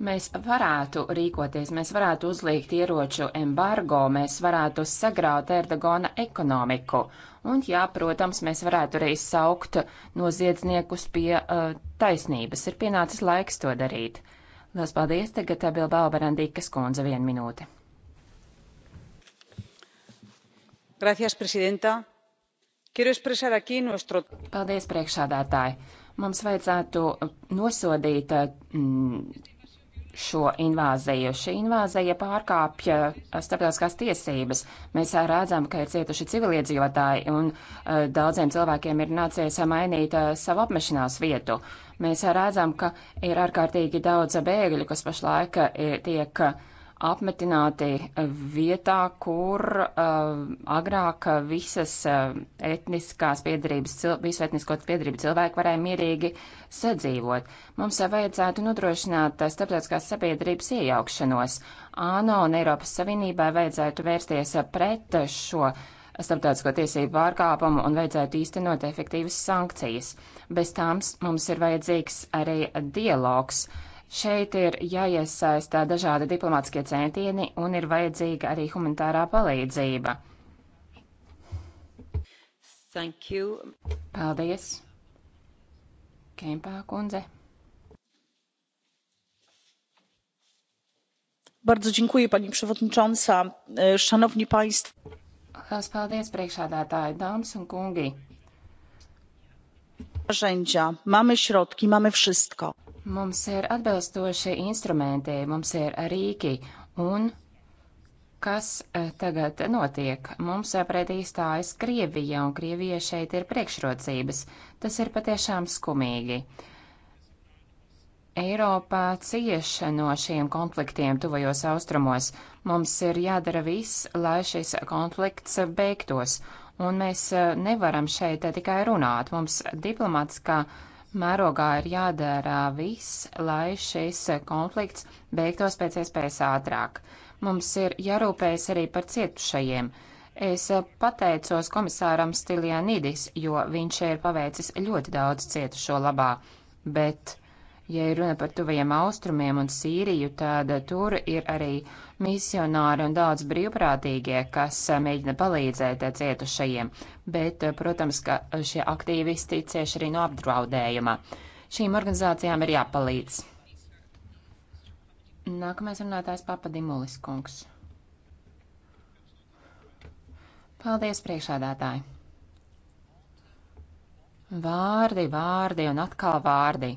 Mēs varētu rīkoties, mēs varētu uzlikt ieroču embargo, mēs varētu sagraut Erdogana ekonomiku. Un, jā, protams, mēs varētu arī saukt noziedzniekus pie uh, taisnības. Ir pienācis laiks to darīt. Lielas paldies, tagad Abila uh, Balbarandīkas kundze vienu minūti. Gracias, presidenta. Quiero expresar aquí nuestro... Paldies, priekšādātāji. Mums vajadzētu nosodīt uh, mm, šo invāziju. Šī invāzija pārkāpja uh, starptautiskās tiesības. Mēs uh, redzam, ka ir cietuši civiliedzīvotāji un uh, daudziem cilvēkiem ir nācies mainīt savu apmešanās vietu. Mēs redzam, ka ir ārkārtīgi daudz bēgļu, kas pašlaik tiek apmetināti vietā, kur uh, agrāk visas uh, etniskās piedarības, visu etnisko piedarību cilvēku varēja mierīgi sadzīvot. Mums uh, vajadzētu nodrošināt uh, starptautiskās sabiedrības iejaukšanos. ANO un Eiropas Savienībai vajadzētu vērsties uh, pret šo starptautisko tiesību pārkāpumu un vajadzētu īstenot efektīvas sankcijas. Bez tām mums ir vajadzīgs arī dialogs. Uh, Šeit ir jāiesaistā dažādi diplomātskie centieni un ir vajadzīga arī humanitārā palīdzība. Thank you. Paldies. Kempā kundze. Bardzo dziękuję pani przewodnicząca. E, szanowni państwo. Lielas paldies priekšādātāji, dāmas un kungi. Narzędzia, mamy środki, mamy wszystko. Mums ir atbilstoši instrumenti, mums ir rīki un kas e, tagad notiek. Mums pretī stājas Krievija, un Krievija šeit ir priekšrocības. Tas ir patiešām skumīgi. Eiropā cieš no šiem konfliktiem tuvajos austrumos. Mums ir jādara viss, lai šis konflikts beigtos, un mēs e, nevaram šeit tikai runāt. Mums diplomātiskā uh, mērogā ir jādara viss, lai šis konflikts beigtos pēc iespējas ātrāk. Mums ir jārūpējas arī par cietušajiem. Es pateicos komisāram Stilianidis, jo viņš ir paveicis ļoti daudz cietušo labā, bet Ja ir runa par tuvajiem austrumiem un Sīriju, tad tur ir arī misionāri un daudz brīvprātīgie, kas eh, mēģina palīdzēt eh, cietušajiem, bet, eh, protams, ka šie aktīvisti cieš arī no apdraudējuma. Šīm organizācijām ir jāpalīdz. Nākamais runātājs papadimulis kungs. Paldies, priekšādātāji! Vārdi, vārdi un atkal vārdi.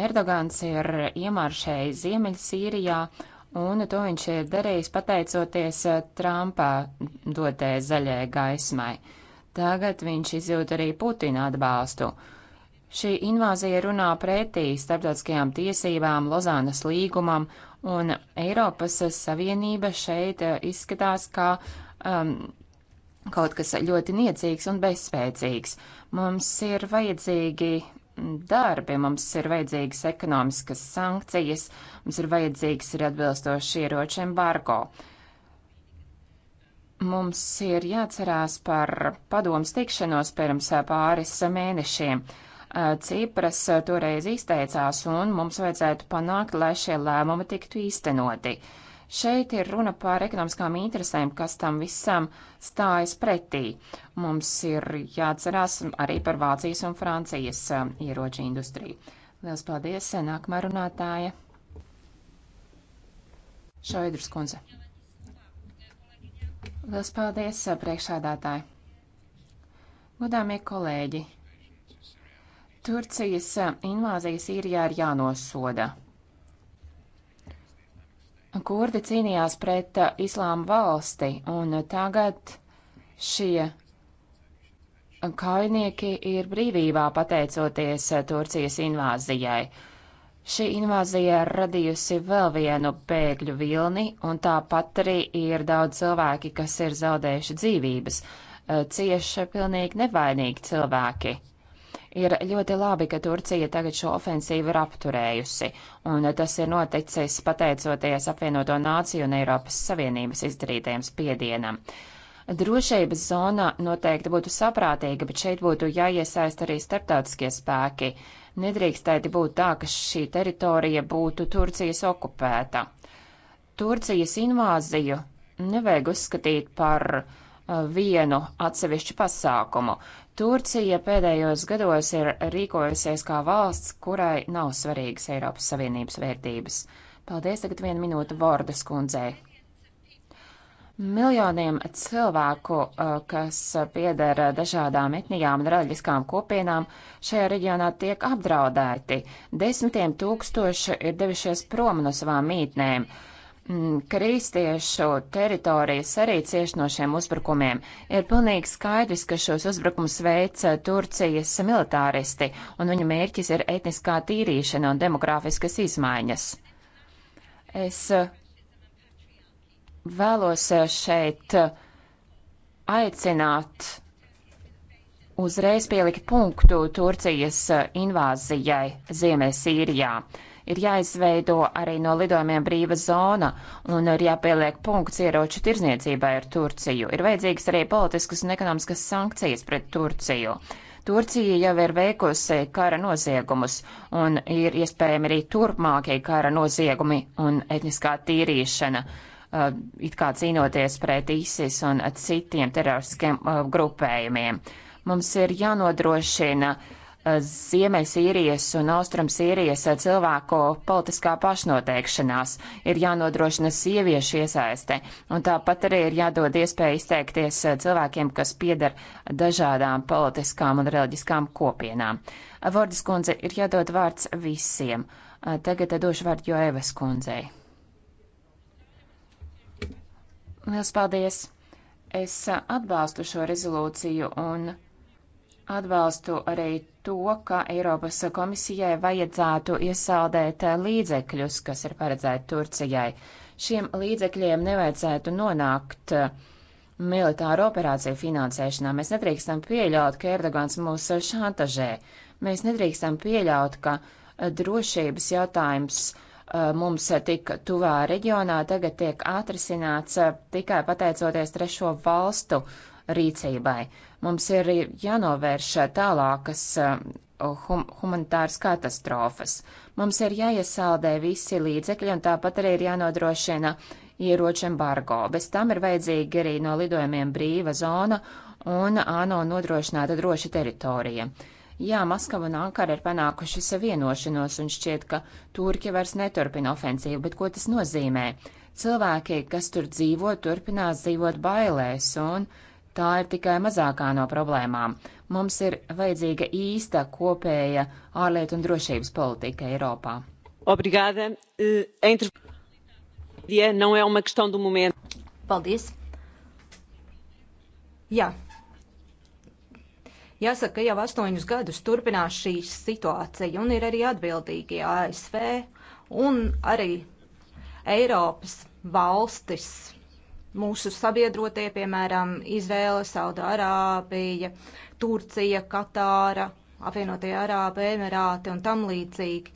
Erdogans ir iemāršējis Ziemeļsīrijā, un to viņš ir darījis pateicoties eh, Trumpa dotē zaļai gaismai. Tagad viņš izjūt arī Putina atbalstu. Šī invāzija runā pretī starptautiskajām tiesībām, Lozānas līgumam, un Eiropas Savienība šeit eh, izskatās kā um, kaut kas ļoti niecīgs un bezspēcīgs. Mums ir vajadzīgi darbi, mums ir vajadzīgas ekonomiskas sankcijas, mums ir vajadzīgs ir atbilstoši ieroči embargo. Mums ir jāatcerās par padomus tikšanos pirms pāris mēnešiem. Cipras toreiz izteicās, un mums vajadzētu panākt, lai šie lēmumi tiktu īstenoti. Uh, Šeit ir runa par ekonomiskām interesēm, kas tam visam stājas pretī. Mums ir jāatcerās arī par Vācijas un Francijas um, ieroču industriju. Lielas paldies, nākamā runātāja. Šoidrs kundze. Lielas paldies, priekšādātāji. Godāmie kolēģi, Turcijas um, invāzijas īrijā ir jānosoda. Kurdi cīnījās pret uh, islāma valsti, un uh, tagad šie kaujinieki ir brīvībā pateicoties uh, Turcijas invāzijai. Šī invāzija ir radījusi vēl vienu bēgļu vilni, un tāpat arī ir daudz cilvēki, kas ir zaudējuši dzīvības. Cieši pilnīgi nevainīgi cilvēki. Ir ļoti labi, ka Turcija tagad šo ofensīvu ir apturējusi, un tas ir noticis pateicoties apvienoto nāciju un Eiropas Savienības izdarītajam spiedienam. Drošības zona noteikti būtu saprātīga, bet šeit būtu jāiesaist arī starptautiskie spēki. Nedrīkstēti būt tā, ka šī teritorija būtu Turcijas okupēta. Turcijas invāziju nevajag uzskatīt par uh, vienu atsevišķu pasākumu. Turcija pēdējos gados ir rīkojusies kā valsts, kurai nav svarīgas Eiropas Savienības vērtības. Paldies tagad vienu minūtu Vordas kundzei. Miljoniem cilvēku, uh, kas piedara dažādām etnijām un raļiskām kopienām, šajā reģionā tiek apdraudēti. Desmitiem tūkstoši ir devušies prom no savām mītnēm. Uh, Mm, kristiešu teritorijas arī cieš no šiem uzbrukumiem. Ir pilnīgi skaidrs, ka šos uzbrukumus veic eh, Turcijas militāristi, un viņa mērķis ir etniskā tīrīšana un demografiskas izmaiņas. Es eh, vēlos eh, šeit aicināt uzreiz pielikt punktu Turcijas invāzijai Ziemē Sīrijā. Uh, Ir jāizveido arī no lidojumiem brīva zona un ir jāpieliek punkts ieroču tirzniecībai ar Turciju. Ir vajadzīgas arī politiskas un ekonomiskas sankcijas pret Turciju. Turcija jau ir veikusi kara noziegumus, un ir iespējami arī turpmākie kara noziegumi un etniskā tīrīšana, uh, it kā cīnoties pret ISIS un citiem teroriskiem uh, grupējumiem. Mums ir jānodrošina uh, Ziemeļsīrijas un Austrumsīrijas cilvēku politiskā pašnoteikšanās, ir jānodrošina sieviešu iesaiste, un tāpat arī ir jādod iespēja izteikties cilvēkiem, kas piedar dažādām politiskām un reliģiskām kopienām. Vordas kundze ir jādod vārds visiem. Tagad došu vārdu Joevas kundzei. Lielas paldies! Es atbalstu šo rezolūciju un. Atbalstu arī to, ka Eiropas komisijai vajadzētu iesaldēt līdzekļus, kas ir paredzēti Turcijai. Šiem līdzekļiem nevajadzētu nonākt uh, militāru operāciju finansēšanā. Mēs nedrīkstam pieļaut, ka Erdogans mūs šantažē. Mēs nedrīkstam pieļaut, ka uh, drošības jautājums uh, mums tik tuvā reģionā tagad tiek atrisināts tikai pateicoties trešo valstu rīcībai. Mums ir jānovērš eh, tālākas eh, hum humanitāras katastrofas. Mums ir jāiesaldē visi līdzekļi un tāpat arī ir jānodrošina ieroču embargo. Bez tam ir vajadzīga arī no lidojumiem brīva zona un ANO nodrošināta droša teritorija. Jā, Maskava un Ankara ir panākuši savienošanos un šķiet, ka Turki vairs neturpina ofensīvu, bet ko tas nozīmē? Cilvēki, kas tur dzīvo, turpinās dzīvot bailēs, un tā ir tikai mazākā no problēmām. Mums ir vajadzīga īsta kopēja ārlietu un drošības politika Eiropā. Obrigada. Eh, não é uma questão do momento. Paldies. Jā. Jāsaka, ka jau astoņus gadus turpinās šī situācija un ir arī atbildīgie ASV un arī Eiropas valstis mūsu sabiedrotie, piemēram, Izraela, Saudārābija, Turcija, Katāra, apvienotie Arābu Emirāti un tam līdzīgi,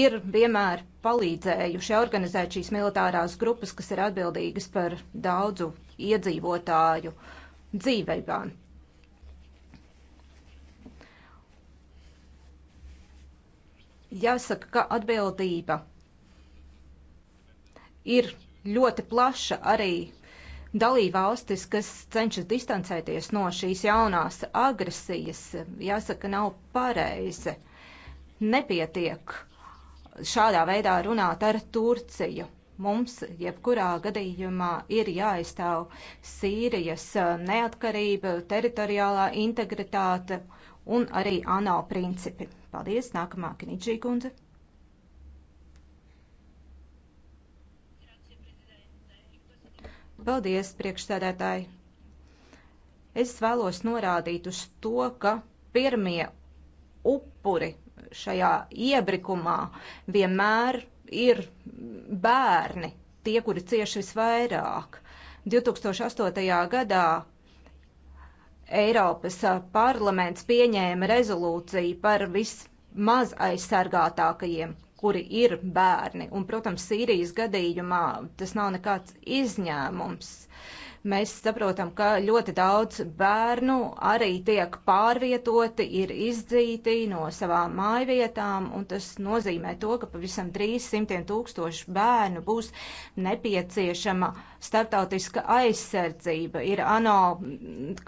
ir vienmēr palīdzējuši organizēt šīs militārās grupas, kas ir atbildīgas par daudzu iedzīvotāju dzīvībām. Jāsaka, ka atbildība ir ļoti plaša arī dalībvalstis, kas cenšas distancēties no šīs jaunās agresijas, jāsaka, nav pareizi. Nepietiek šādā veidā runāt ar Turciju. Mums jebkurā gadījumā ir jāaizstāv Sīrijas neatkarība, teritoriālā integritāte un arī ANO principi. Paldies, nākamā Kiničī kundze. Paldies, priekšsēdētāji! Es vēlos norādīt uz to, ka pirmie upuri šajā iebrikumā vienmēr ir bērni, tie, kuri cieši visvairāk. 2008. gadā Eiropas parlaments pieņēma rezolūciju par vismaz aizsargātākajiem kuri ir bērni. Un, protams, Sīrijas gadījumā tas nav nekāds izņēmums. Mēs saprotam, ka ļoti daudz bērnu arī tiek pārvietoti, ir izdzīti no savām mājvietām, un tas nozīmē to, ka pavisam drīz simtiem tūkstošu bērnu būs nepieciešama starptautiska aizsardzība. Ir ANO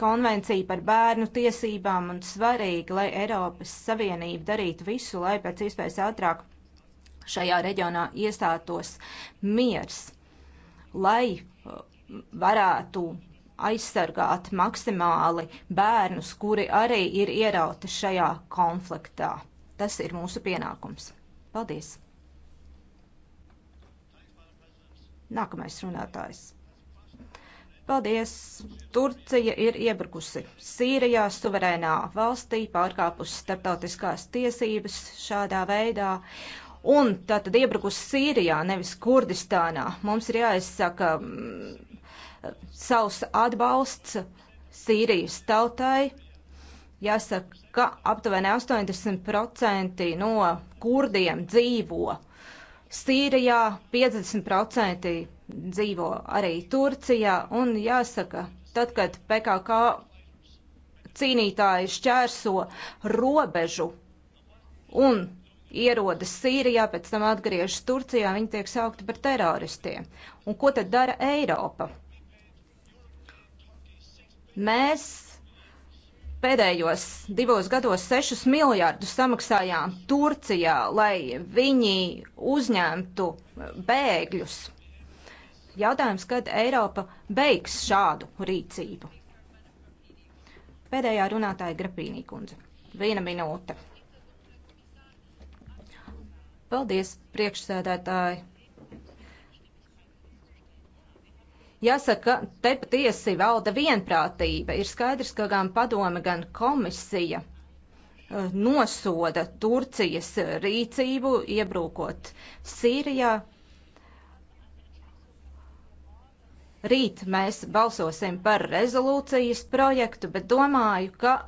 konvencija par bērnu tiesībām, un svarīgi, lai Eiropas Savienība darītu visu, lai pēc iespējas ātrāk šajā reģionā iestātos miers, lai uh, varētu aizsargāt maksimāli bērnus, kuri arī ir ierauti šajā konfliktā. Tas ir mūsu pienākums. Paldies! Nākamais runātājs. Paldies! Turcija ir iebrukusi Sīrijā, suverēnā valstī, pārkāpusi starptautiskās tiesības šādā veidā, un tātad iebrukus Sīrijā, nevis Kurdistānā. Mums ir jāizsaka mm, savs atbalsts Sīrijas tautai. Jāsaka, ka aptuveni 80% no kurdiem dzīvo Sīrijā, 50% dzīvo arī Turcijā, un jāsaka, tad, kad PKK cīnītāji šķērso robežu un ierodas Sīrijā, pēc tam atgriežas Turcijā, viņi tiek saukti par teroristiem. Un ko tad dara Eiropa? Mēs pēdējos divos gados 6 miljārdus samaksājām Turcijā, lai viņi uzņemtu bēgļus. Jautājums, kad Eiropa beigs šādu rīcību? Pēdējā runātāja Grapīnī kundze. Viena minūte. Paldies, priekšsēdētāji! Jāsaka, te patiesi valda vienprātība. Ir skaidrs, ka gan padome, gan komisija e, nosoda Turcijas rīcību, iebrūkot Sīrijā. Rīt mēs balsosim par rezolūcijas projektu, bet domāju, ka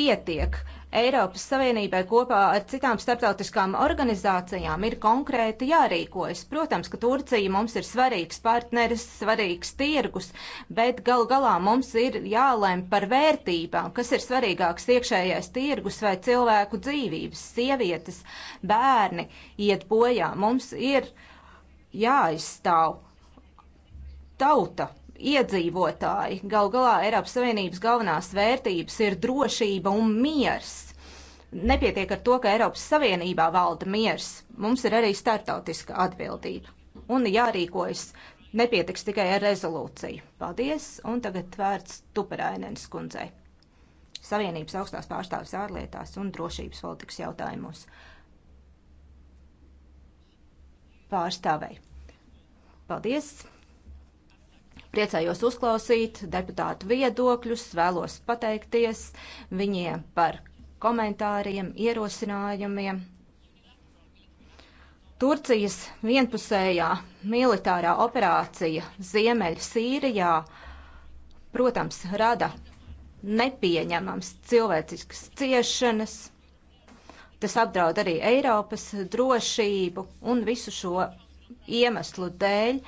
pietiek Eiropas Savienībai kopā ar citām starptautiskām organizācijām ir konkrēti jārīkojas. Protams, ka Turcija mums ir svarīgs partneris, svarīgs tirgus, bet gal galā mums ir jālēm par vērtībām, kas ir svarīgāks iekšējais tirgus vai cilvēku dzīvības, sievietes, bērni iet bojā. Mums ir jāizstāv tauta iedzīvotāji. Gal galā Eiropas Savienības galvenās vērtības ir drošība un miers. Nepietiek ar to, ka Eiropas Savienībā valda miers. Mums ir arī startautiska atbildība un jārīkojas. Nepietiks tikai ar rezolūciju. Paldies, un tagad vērts Tuperainens kundzei. Savienības augstās pārstāvis ārlietās un drošības politikas jautājumos. Pārstāvei. Paldies! Priecājos uzklausīt deputātu viedokļus, vēlos pateikties viņiem par komentāriem, ierosinājumiem. Turcijas vienpusējā militārā operācija Ziemeļsīrijā, protams, rada nepieņemams cilvēciskas ciešanas. Tas apdraud arī Eiropas drošību un visu šo iemeslu dēļ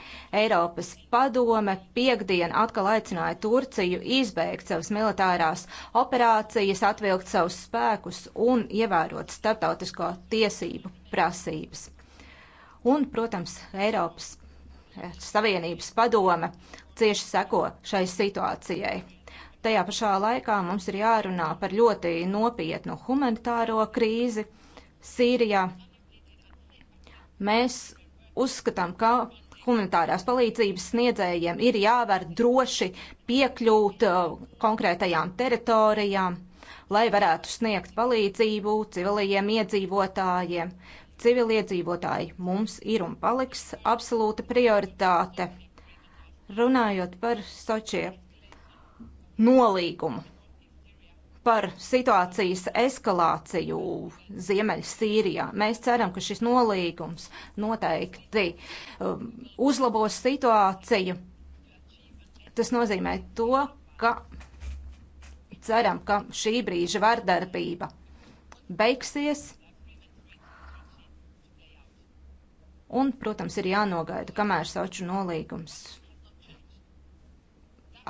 Eiropas padome piekdien atkal aicināja Turciju izbeigt savas militārās operācijas, atvilkt savus spēkus un ievērot starptautisko tiesību prasības. Un, protams, Eiropas eh, Savienības padome cieši seko šai situācijai. Tajā pašā laikā mums ir jārunā par ļoti nopietnu humanitāro krīzi Sīrijā. Mēs Uzskatām, ka humanitārās palīdzības sniedzējiem ir jāvar droši piekļūt uh, konkrētajām teritorijām, lai varētu sniegt palīdzību civilajiem iedzīvotājiem. Civiliedzīvotāji mums ir un paliks absolūta prioritāte. Runājot par Sočie nolīgumu, par situācijas eskalāciju Ziemeļsīrijā. Mēs ceram, ka šis nolīgums noteikti um, uzlabos situāciju. Tas nozīmē to, ka ceram, ka šī brīža vardarbība beigsies. Un, protams, ir jānogaida, kamēr sauču nolīgums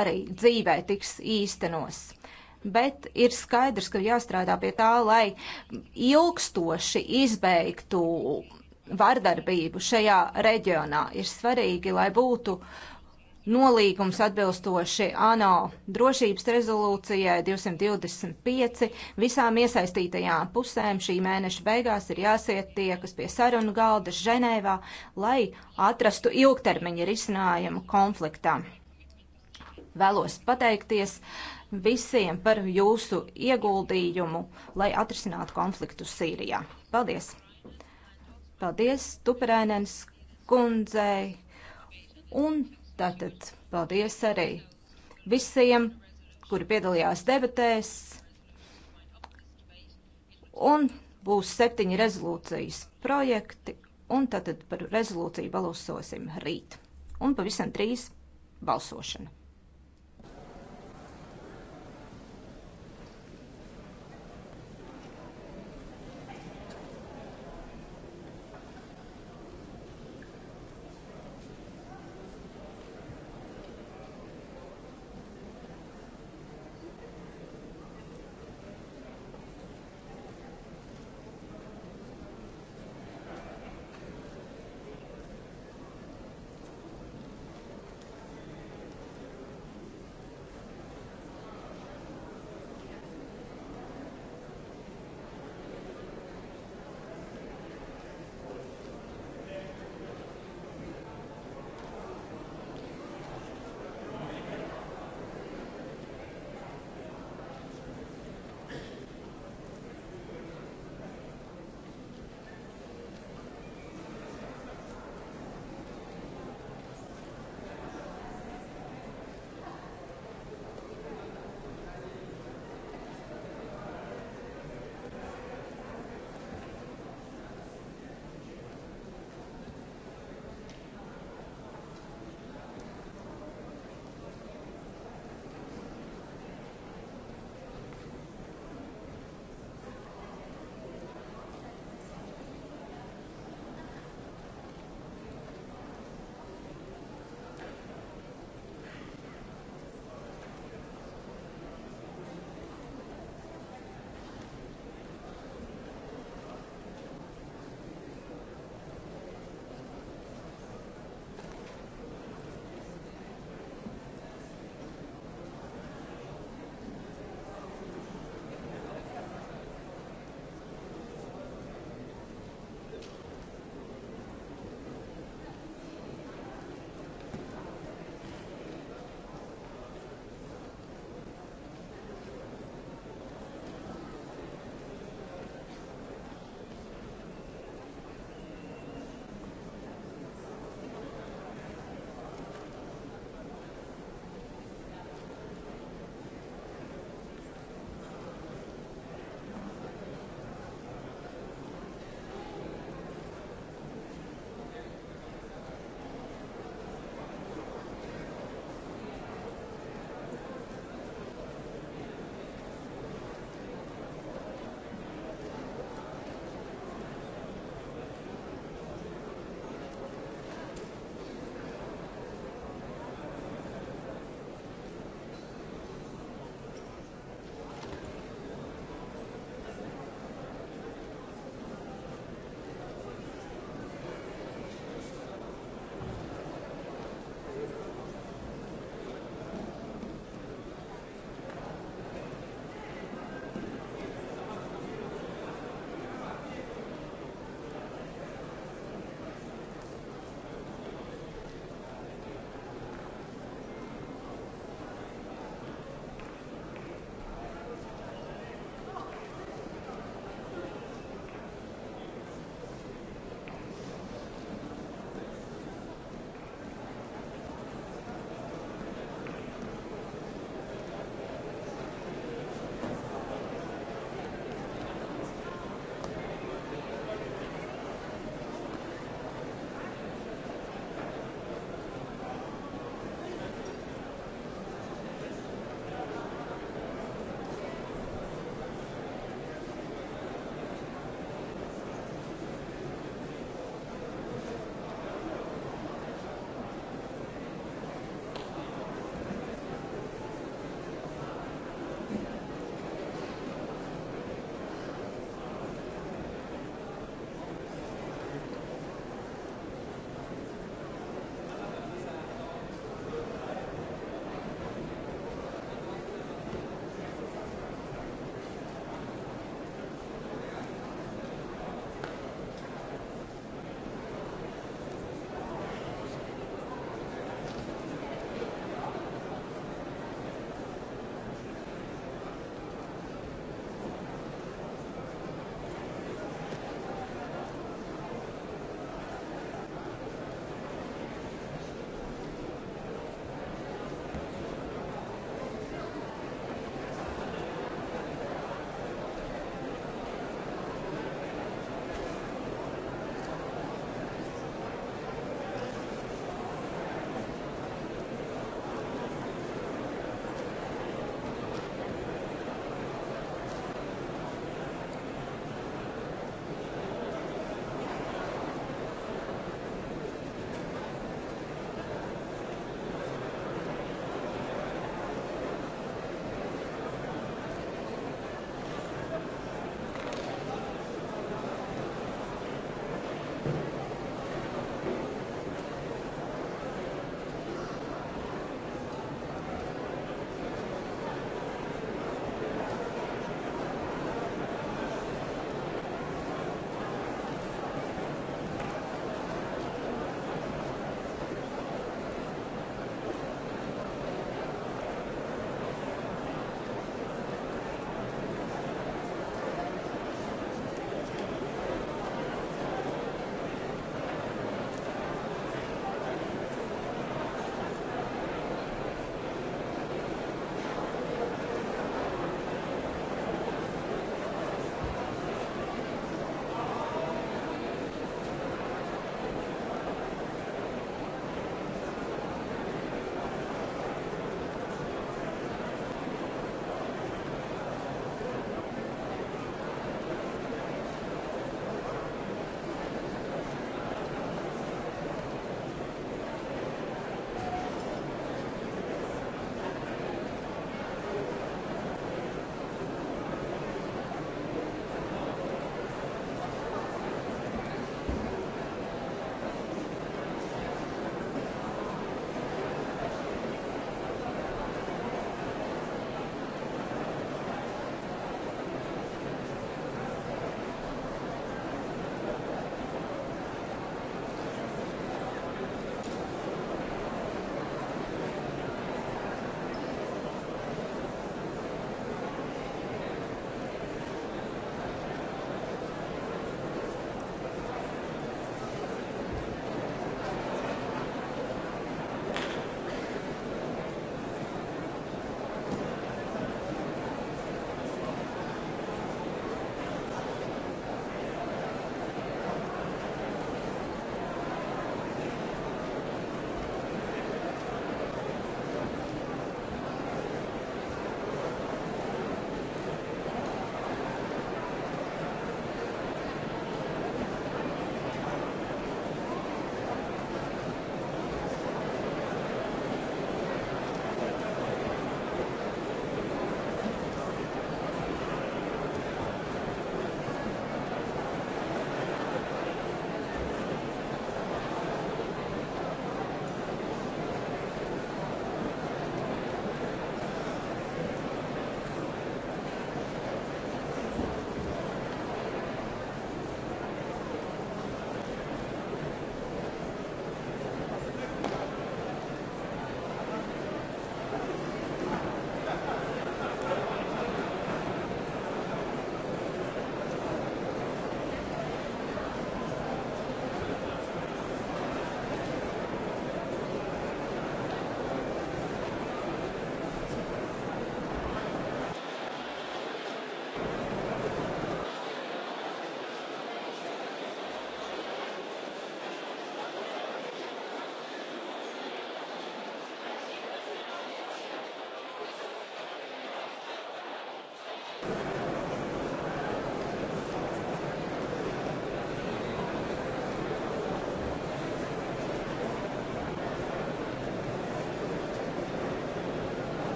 arī dzīvē tiks īstenos bet ir skaidrs, ka jāstrādā pie tā, lai ilgstoši izbeigtu vardarbību šajā reģionā. Ir svarīgi, lai būtu nolīgums atbilstoši ANO drošības rezolūcijai 225. Visām iesaistītajām pusēm šī mēneša beigās ir jāsiet tiekas pie sarunu galda Ženēvā, lai atrastu ilgtermiņa risinājumu konfliktam. Vēlos pateikties uh, visiem par jūsu ieguldījumu, lai atrisinātu konfliktu Sīrijā. Paldies! Paldies Tuperēnens kundzei! Un tātad paldies arī visiem, kuri piedalījās debatēs. Un būs septiņi rezolūcijas projekti, un tātad par rezolūciju balsosim rīt. Un pavisam drīz balsošana.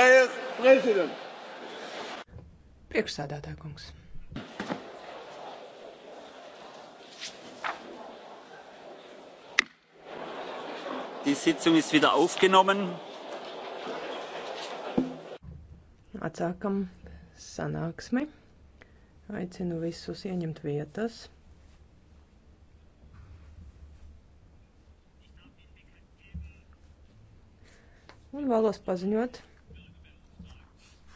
Herr President! Priekšsādātā kungs. Die Sitzung ist wieder aufgenommen. Atsākam sanāksmi. Aicinu visus ieņemt vietas. Un vēlos paziņot,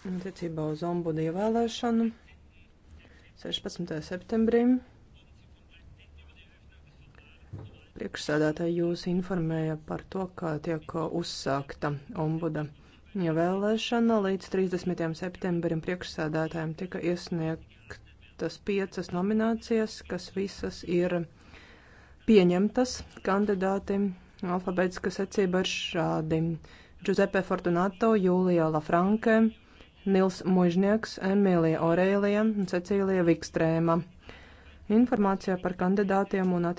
attiecībā uz ombudu ievēlēšanu 16. septembrim. Priekšsēdētāji jūs informēja par to, kā tiek uzsākta ombuda ievēlēšana. Līdz 30. septembrim priekšsēdētājiem tika iesniegtas piecas nominācijas, kas visas ir pieņemtas kandidāti alfabētiska secība ir šādi. Giuseppe Fortunato, Jūlija Lafranke, Nils Mužnieks, Emīlija Orēlija un Cecīlija Vikstrēma. Informācija par kandidātiem un attiecībām.